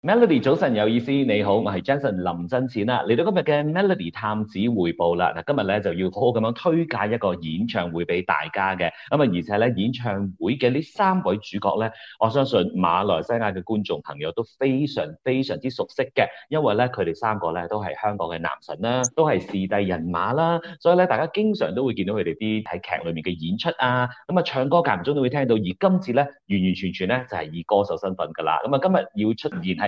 Melody 早晨有意思，你好，我係 Jason 林真錢啦，嚟到今日嘅 Melody 探子回報啦。嗱今日咧，就要好好咁樣推介一個演唱會俾大家嘅，咁啊而且咧，演唱會嘅呢三位主角咧，我相信馬來西亞嘅觀眾朋友都非常非常之熟悉嘅，因為咧佢哋三個咧都係香港嘅男神啦，都係視帝人馬啦，所以咧大家經常都會見到佢哋啲喺劇裏面嘅演出啊，咁啊唱歌間唔中都會聽到，而今次咧完完全全咧就係、是、以歌手身份噶啦，咁啊今日要出現喺。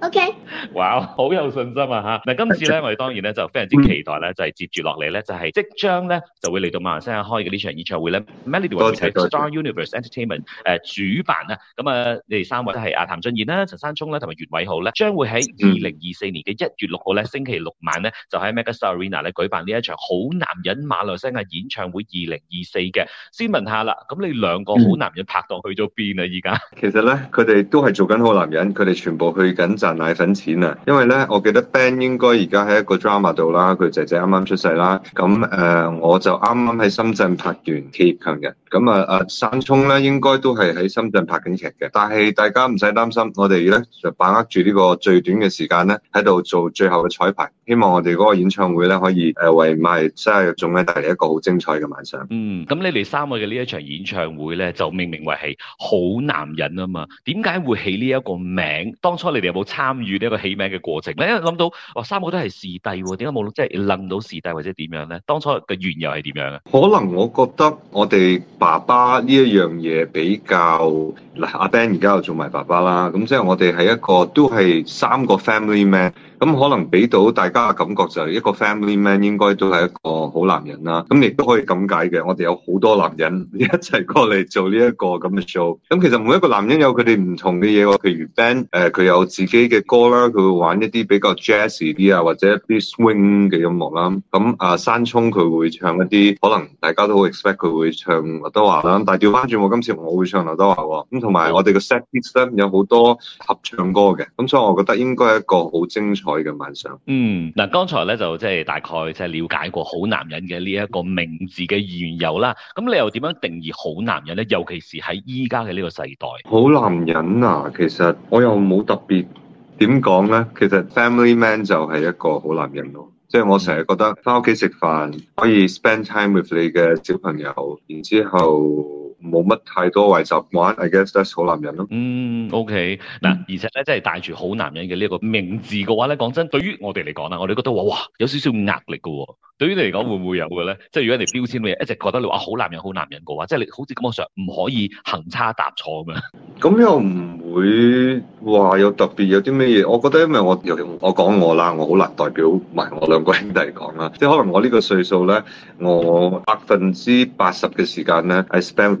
O K. 哇，好 Okay.、wow, 有信心啊吓，嗱，今次咧，我哋當然咧就非常之期待咧，就係接住落嚟咧，就係、是、即將咧就會嚟到馬來西亞開嘅呢場演唱會咧。Melody 會係 Star Universe Entertainment 誒、呃、主辦啊，咁、呃、啊，你哋三位都係啊，譚俊彥啦、陳山聰啦同埋袁偉豪咧，將會喺二零二四年嘅一月六號咧，星期六晚咧，就喺 Mega Star Arena 咧舉辦呢一場好男人馬來西亞演唱會二零二四嘅。先問下啦，咁你兩個好男人拍檔去咗邊啊？而家其實咧，佢哋都係做緊好男人，佢哋全部去緊集。奶粉錢啊！因為咧，我記得 Ben 應該而家喺一個 drama 度啦，佢姐姐啱啱出世啦。咁誒、呃，我就啱啱喺深圳拍完《企業強人》。咁啊山聰咧應該都係喺深圳拍緊劇嘅，但係大家唔使擔心，我哋咧就把握住呢個最短嘅時間咧，喺度做最後嘅彩排，希望我哋嗰個演唱會咧可以誒為埋仲生帶嚟一個好精彩嘅晚上。嗯，咁你哋三個嘅呢一場演唱會咧就命名為係好男人啊嘛？點解會起呢一個名？當初你哋有冇參與呢一個起名嘅過程？因為諗到，哇，哦，三個都係視帝喎，點解冇即係諗到視帝或者點樣咧？當初嘅緣由係點樣啊？可能我覺得我哋。爸爸呢一樣嘢比較嗱，阿 Ben 而家又做埋爸爸啦，咁即係我哋係一個都係三個 family man，咁可能俾到大家嘅感覺就係一個 family man 應該都係一個好男人啦，咁亦都可以咁解嘅。我哋有好多男人一齊過嚟做呢一個咁嘅 show，咁其實每一個男人有佢哋唔同嘅嘢喎，譬如 Ben 誒、呃、佢有自己嘅歌啦，佢會玩一啲比較 jazz 啲啊或者啲 swing 嘅音樂啦，咁啊山聰佢會唱一啲可能大家都好 expect 佢會唱劉德華啦，但係調翻轉，我今次我會唱劉德華喎，咁同埋我哋個 set list 咧有好多合唱歌嘅，咁所以我覺得應該係一個好精彩嘅晚上。嗯，嗱，剛才咧就即係大概即係了解過好男人嘅呢一個名字嘅緣由啦，咁你又點樣定義好男人咧？尤其是喺依家嘅呢個世代，好男人啊，其實我又冇特別點講咧，其實 family man 就係一個好男人咯，啊。即係我成日覺得翻屋企食飯，可以 spend time with 你嘅小朋友，然之後冇乜太多壞習慣，I guess that 好男人咯。嗯，OK 嗱，而且咧，即係帶住好男人嘅呢一個名字嘅話咧，講真，對於我哋嚟講啦，我哋覺得哇，有少少壓力㗎喎、哦。對於你嚟講，會唔會有嘅咧？即係如果你標籤乜嘢，一直覺得你話好男人好男人嘅話，即係你好似感覺上唔可以行差踏錯咁樣。咁又唔會話有特別有啲咩嘢？我覺得因為我尤其我講我啦，我好難代表埋我兩個兄弟嚟講啦。即係可能我呢個歲數咧，我百分之八十嘅時間咧，I spend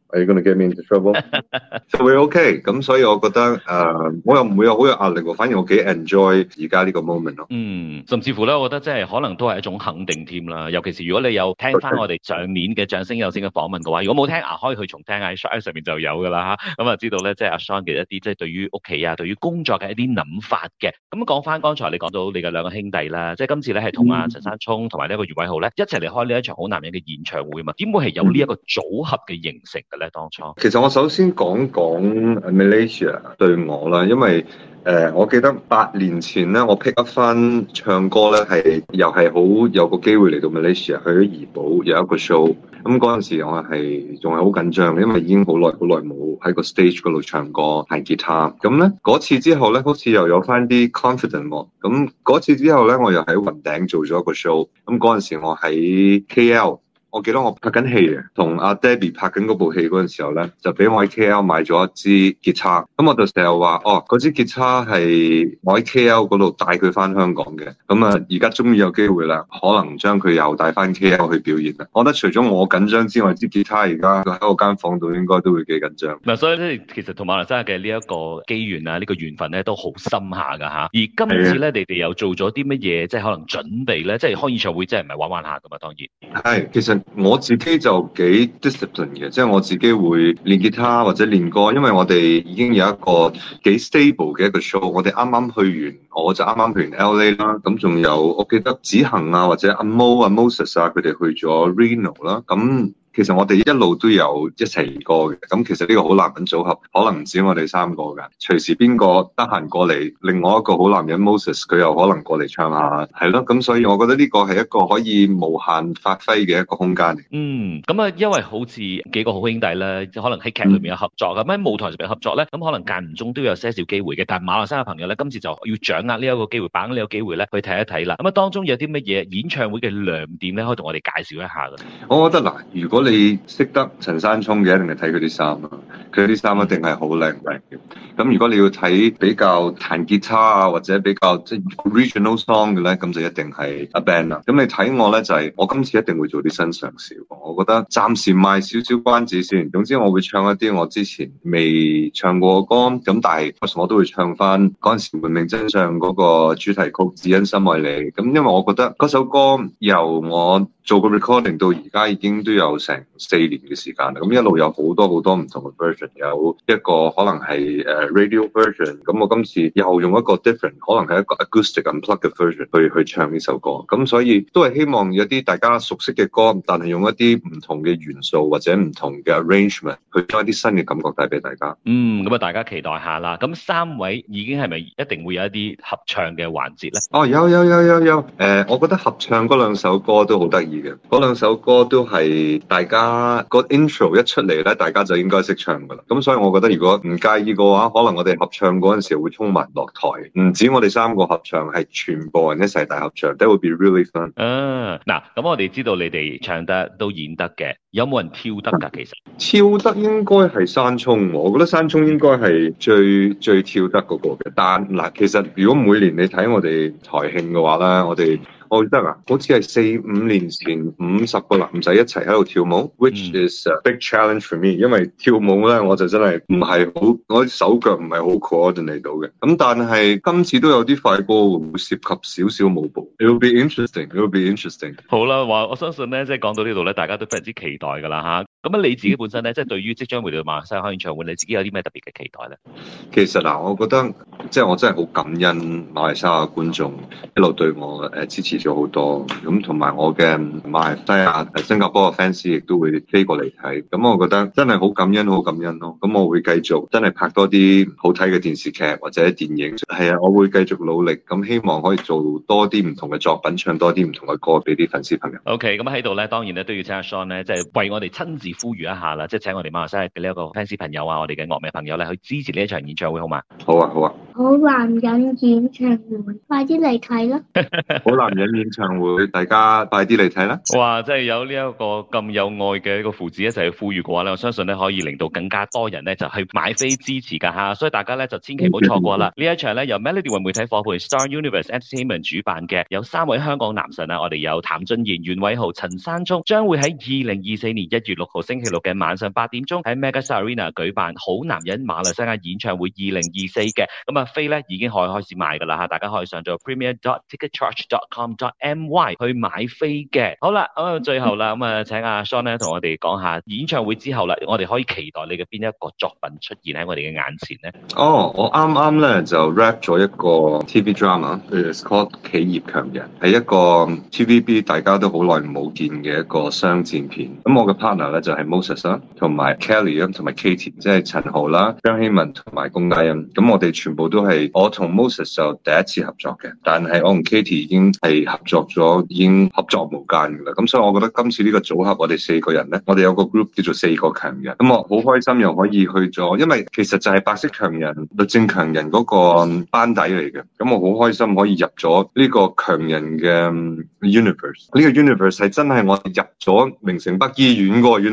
Are you gonna get me into trouble？就係、 so、OK 咁，所以我覺得誒，我又唔會有好有壓力喎。反而我幾 enjoy 而家呢個 moment 咯。嗯，甚至乎咧，我覺得即係可能都係一種肯定添啦。尤其是如果你有聽翻我哋上年嘅《掌聲有聲》嘅訪問嘅話，如果冇聽啊，可以去重聽下喺 Shine 上面就有㗎啦嚇。咁啊，就知道咧即係阿 Shaun 嘅一啲即係對於屋企啊，對於工作嘅一啲諗法嘅。咁講翻剛才你講到你嘅兩個兄弟啦，即係今次咧係同阿陳山聰同埋呢個余偉豪咧一齊嚟開呢一場好男人嘅演唱會嘛？點會係有呢一個組合嘅形成？初，其實我首先講講 Malaysia 對我啦，因為誒、呃，我記得八年前咧，我 pick up 翻唱歌咧，係又係好有個機會嚟到 Malaysia 去咗怡保有一個 show、嗯。咁嗰陣時我係仲係好緊張，因為已經好耐好耐冇喺個 stage 嗰度唱歌彈吉他。咁咧嗰次之後咧，好似又有翻啲 confident 喎。咁、嗯、嗰次之後咧，我又喺雲頂做咗一個 show、嗯。咁嗰陣時我喺 KL。我記得我拍緊戲嘅，同阿 Debbie 拍緊嗰部戲嗰陣時候咧，就俾我喺 KL 買咗一吉、哦、支吉他，咁我就成日話哦，嗰支吉他係我喺 KL 嗰度帶佢翻香港嘅，咁啊而家終於有機會啦，可能將佢又帶翻 KL 去表演啦。我覺得除咗我緊張之外，支吉他而家喺我間房度應該都會幾緊張。嗱，所以其實同馬來西亞嘅呢一個機緣啊，呢、呢個緣分咧、啊、都好深下噶吓。而今次咧，的你哋又做咗啲乜嘢，即係可能準備咧，即係開演唱會，即係唔係玩玩下噶嘛？當然係，其實。我自己就幾 discipline 嘅，即係我自己會練吉他或者練歌，因為我哋已經有一個幾 stable 嘅一個 show。我哋啱啱去完，我就啱啱去完 LA 啦。咁仲有我記得子恒啊，或者阿毛啊、Moses 啊，佢哋去咗 Reno 啦。咁其實我哋一路都有一齊過嘅，咁其實呢個好男人組合可能唔止我哋三個噶，隨時邊個得閒過嚟，另外一個好男人 Moses 佢又可能過嚟唱下，係咯，咁所以我覺得呢個係一個可以無限發揮嘅一個空間嚟。嗯，咁啊，因為好似幾個好兄弟咧，可能喺劇裏面有合作㗎咁喺、嗯、舞台上面合作咧，咁可能間唔中都有些少機會嘅，但係馬來西亞嘅朋友咧，今次就要掌握呢一個機會，把握呢個機會咧，去睇一睇啦。咁啊，當中有啲乜嘢演唱會嘅亮點咧，可以同我哋介紹一下噶。我覺得嗱，如果如果你識得陳山聰嘅，一定係睇佢啲衫啦。佢啲衫一定係好靚靚嘅，咁如果你要睇比較彈吉他啊，或者比較即係 original song 嘅咧，咁就一定係 a band 啦。咁你睇我咧就係，我今次一定會做啲新嘗試。我覺得暫時賣少少關子先，總之我會唱一啲我之前未唱過嘅歌。咁但係我都會唱翻嗰陣時《換命真相》嗰個主題曲《只因深愛你》。咁因為我覺得嗰首歌由我做個 recording 到而家已經都有成四年嘅時間啦。咁一路有好多好多唔同嘅 version。有一個可能係誒 radio version，咁我今次又用一個 different，可能係一個 acoustic unplugged version 去去唱呢首歌，咁所以都係希望有啲大家熟悉嘅歌，但係用一啲唔同嘅元素或者唔同嘅 arrangement 去將一啲新嘅感覺帶俾大家。嗯，咁啊大家期待下啦。咁三位已經係咪一定會有一啲合唱嘅環節咧？哦，有有有有有，誒、呃，我覺得合唱嗰兩首歌都好得意嘅，嗰兩首歌都係大家個 intro 一出嚟咧，大家就應該識唱。咁、嗯、所以我覺得如果唔介意嘅話，可能我哋合唱嗰陣時候會衝埋落台，唔止我哋三個合唱，係全部人一齊大合唱。That will be really fun。嗯、啊，嗱，咁我哋知道你哋唱得都演得嘅，有冇人跳得噶？其實跳得應該係山聰，我覺得山聰應該係最最跳得嗰個嘅。但嗱，其實如果每年你睇我哋台慶嘅話咧，我哋。我記得啊，好似係四五年前，五十個男仔一齊喺度跳舞，嗯、which is a big challenge for me，因為跳舞咧，我就真係唔係好，嗯、我啲手腳唔係好 coordinate 到嘅。咁但係今次都有啲快歌會涉及少少舞步，it will be interesting，it will be interesting。好啦，話我相信咧，即係講到呢度咧，大家都非常之期待噶啦吓。咁你自己本身咧，就是、即係對於即將回到馬來西亞開演唱會，你自己有啲咩特別嘅期待咧？其實嗱，我覺得即係、就是、我真係好感恩馬來西亞嘅觀眾一路對我誒支持咗好多，咁同埋我嘅馬來西亞、新加坡嘅 fans 亦都會飛過嚟睇，咁我覺得真係好感恩，好感恩咯。咁我會繼續真係拍多啲好睇嘅電視劇或者電影，係啊，我會繼續努力，咁希望可以做多啲唔同嘅作品，唱多啲唔同嘅歌俾啲粉絲朋友。OK，咁喺度咧，當然咧都要請阿 Shaun 咧，即、就、係、是、為我哋親自。呼籲一下啦，即係請我哋馬來西亞嘅呢一個 fans 朋友啊，我哋嘅樂迷朋友咧，去支持呢一場演唱會好嘛？好啊，好啊！好男人演唱會，快啲嚟睇咯！好男人演唱會，大家快啲嚟睇啦！ 哇，即係有呢一個咁有愛嘅一個父子一齊去呼籲嘅話咧，我相信咧可以令到更加多人咧就去買飛支持㗎嚇，所以大家咧就千祈唔好錯過啦！呢 一場咧由 Melody 為媒體夥伴 Star Universe Entertainment 主辦嘅，有三位香港男神啊，我哋有譚俊彥、袁偉豪、陳山聰，將會喺二零二四年一月六號，星期六嘅晚上八點鐘喺 Mega Star Arena 舉辦《好男人馬來西亞演唱會2024》嘅。咁啊飛咧已經可以開始賣㗎啦嚇，大家可以上咗 Premier.TicketCharge.com.my 去買飛嘅。好啦，咁最後啦，咁啊請阿 Shawn 咧同我哋講下演唱會之後啦，我哋可以期待你嘅邊一個作品出現喺我哋嘅眼前咧？哦，我啱啱咧就 wrap 咗一個 TV drama，係叫做《企業強人》，係一個 TVB 大家都好耐冇見嘅一個商戰片。咁我嘅 partner 咧就～就係 Moses 啦，同埋 Kelly 啊，同埋 Katie，即係陳豪啦、張曦雯同埋龔嘉欣。咁我哋全部都係我同 Moses 就第一次合作嘅，但係我同 Katie 已經係合作咗，已經合作無間噶啦。咁所以我覺得今次呢個組合，我哋四個人咧，我哋有個 group 叫做四個強人。咁我好開心又可以去咗，因為其實就係白色強人、律政強人嗰個班底嚟嘅。咁我好開心可以入咗呢個強人嘅 universe。呢個 universe 係真係我哋入咗明城北醫院個院。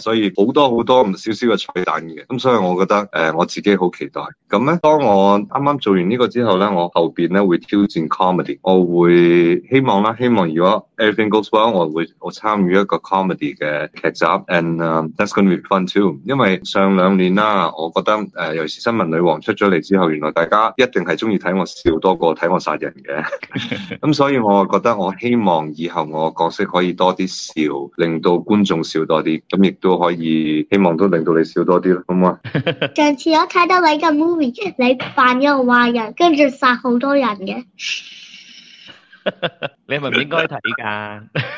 所以好多好多唔少少嘅彩蛋嘅，咁所以我覺得誒、呃，我自己好期待。咁咧，當我啱啱做完呢個之後咧，我後邊咧會挑戰 comedy，我會希望啦，希望如果 everything goes well，我會我參與一個 comedy 嘅劇集，and、um, that's going to be fun too。因為上兩年啦、啊，我覺得誒、呃，尤其是新聞女王出咗嚟之後，原來大家一定係中意睇我笑多過睇我殺人嘅，咁 所以我覺得我希望以後我角色可以多啲笑，令到觀眾笑多啲。咁亦都可以，希望都令到你笑多啲咯，好唔好啊？ 上次我睇到你嘅 movie，你扮咗個壞人，跟住殺好多人嘅， 你係咪唔應該睇噶？